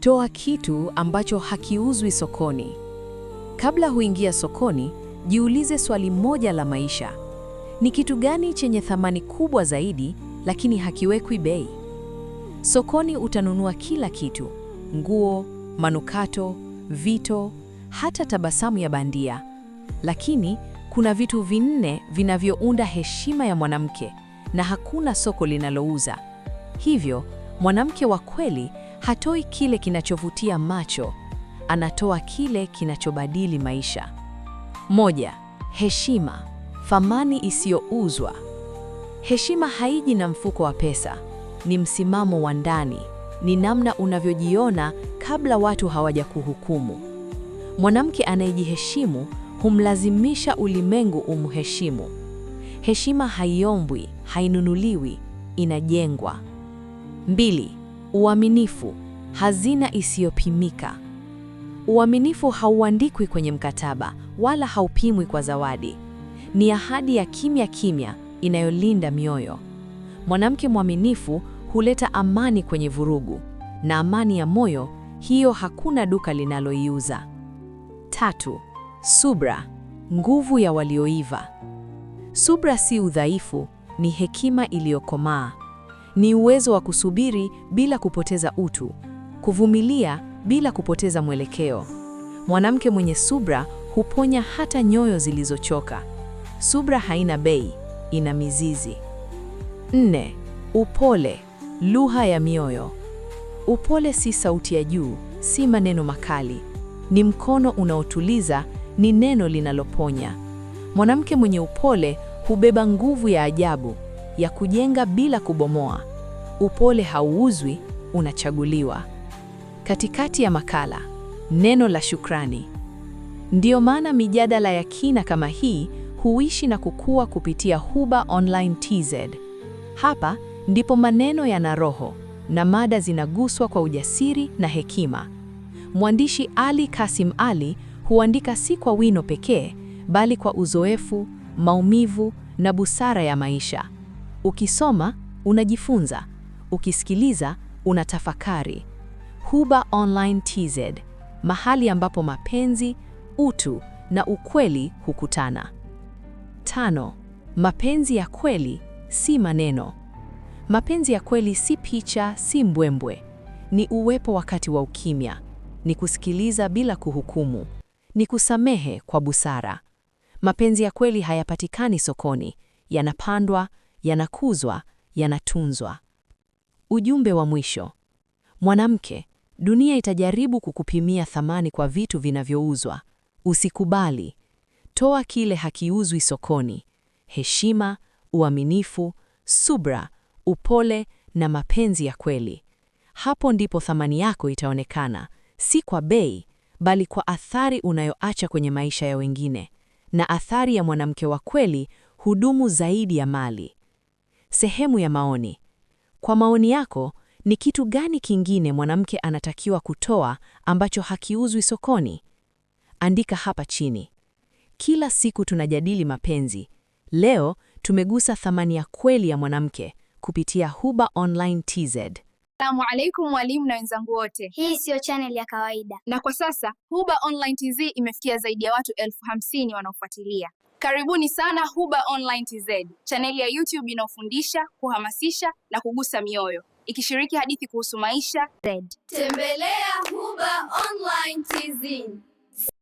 Toa kitu ambacho hakiuzwi sokoni. Kabla huingia sokoni, jiulize swali moja la maisha: ni kitu gani chenye thamani kubwa zaidi lakini hakiwekwi bei? Sokoni utanunua kila kitu: nguo, manukato, vito, hata tabasamu ya bandia. Lakini kuna vitu vinne vinavyounda heshima ya mwanamke na hakuna soko linalouza hivyo. Mwanamke wa kweli hatoi kile kinachovutia macho, anatoa kile kinachobadili maisha. Moja, heshima, thamani isiyouzwa. Heshima haiji na mfuko wa pesa, ni msimamo wa ndani, ni namna unavyojiona kabla watu hawajakuhukumu. Mwanamke anayejiheshimu humlazimisha ulimwengu umheshimu. Heshima haiombwi, hainunuliwi, inajengwa. Mbili, Uaminifu, hazina isiyopimika. Uaminifu hauandikwi kwenye mkataba wala haupimwi kwa zawadi. Ni ahadi ya kimya kimya inayolinda mioyo. Mwanamke mwaminifu huleta amani kwenye vurugu, na amani ya moyo hiyo hakuna duka linaloiuza. Tatu, subra, nguvu ya walioiva. Subra si udhaifu, ni hekima iliyokomaa ni uwezo wa kusubiri bila kupoteza utu, kuvumilia bila kupoteza mwelekeo. Mwanamke mwenye subra huponya hata nyoyo zilizochoka. Subra haina bei, ina mizizi. Nne, upole, lugha ya mioyo. Upole si sauti ya juu, si maneno makali. Ni mkono unaotuliza, ni neno linaloponya. Mwanamke mwenye upole hubeba nguvu ya ajabu ya kujenga bila kubomoa, Upole hauuzwi, unachaguliwa. Katikati ya makala, neno la shukrani. Ndiyo maana mijadala ya kina kama hii huishi na kukua kupitia Huba Online TZ. Hapa ndipo maneno yana roho na mada zinaguswa kwa ujasiri na hekima. Mwandishi Ali Kasim Ali huandika si kwa wino pekee, bali kwa uzoefu, maumivu na busara ya maisha. Ukisoma unajifunza. Ukisikiliza unatafakari. Huba Online TZ, mahali ambapo mapenzi, utu na ukweli hukutana. Tano, mapenzi ya kweli si maneno. Mapenzi ya kweli si picha, si mbwembwe. Ni uwepo wakati wa ukimya, ni kusikiliza bila kuhukumu, ni kusamehe kwa busara. Mapenzi ya kweli hayapatikani sokoni, yanapandwa, yanakuzwa, yanatunzwa. Ujumbe wa mwisho. Mwanamke, dunia itajaribu kukupimia thamani kwa vitu vinavyouzwa. Usikubali. Toa kile hakiuzwi sokoni: heshima, uaminifu, subra, upole na mapenzi ya kweli. Hapo ndipo thamani yako itaonekana, si kwa bei, bali kwa athari unayoacha kwenye maisha ya wengine. Na athari ya mwanamke wa kweli hudumu zaidi ya mali. Sehemu ya maoni. Kwa maoni yako, ni kitu gani kingine mwanamke anatakiwa kutoa ambacho hakiuzwi sokoni? Andika hapa chini. Kila siku tunajadili mapenzi. Leo tumegusa thamani ya kweli ya mwanamke kupitia Huba Online TZ. Assalamu alaikum walimu na wenzangu wote. Hii siyo channel ya kawaida, na kwa sasa Huba Online TZ imefikia zaidi ya watu elfu hamsini wanaofuatilia. Karibuni sana Huba Online TZ, chaneli ya YouTube inayofundisha, kuhamasisha na kugusa mioyo, ikishiriki hadithi kuhusu maisha. Tembelea Huba Online TZ.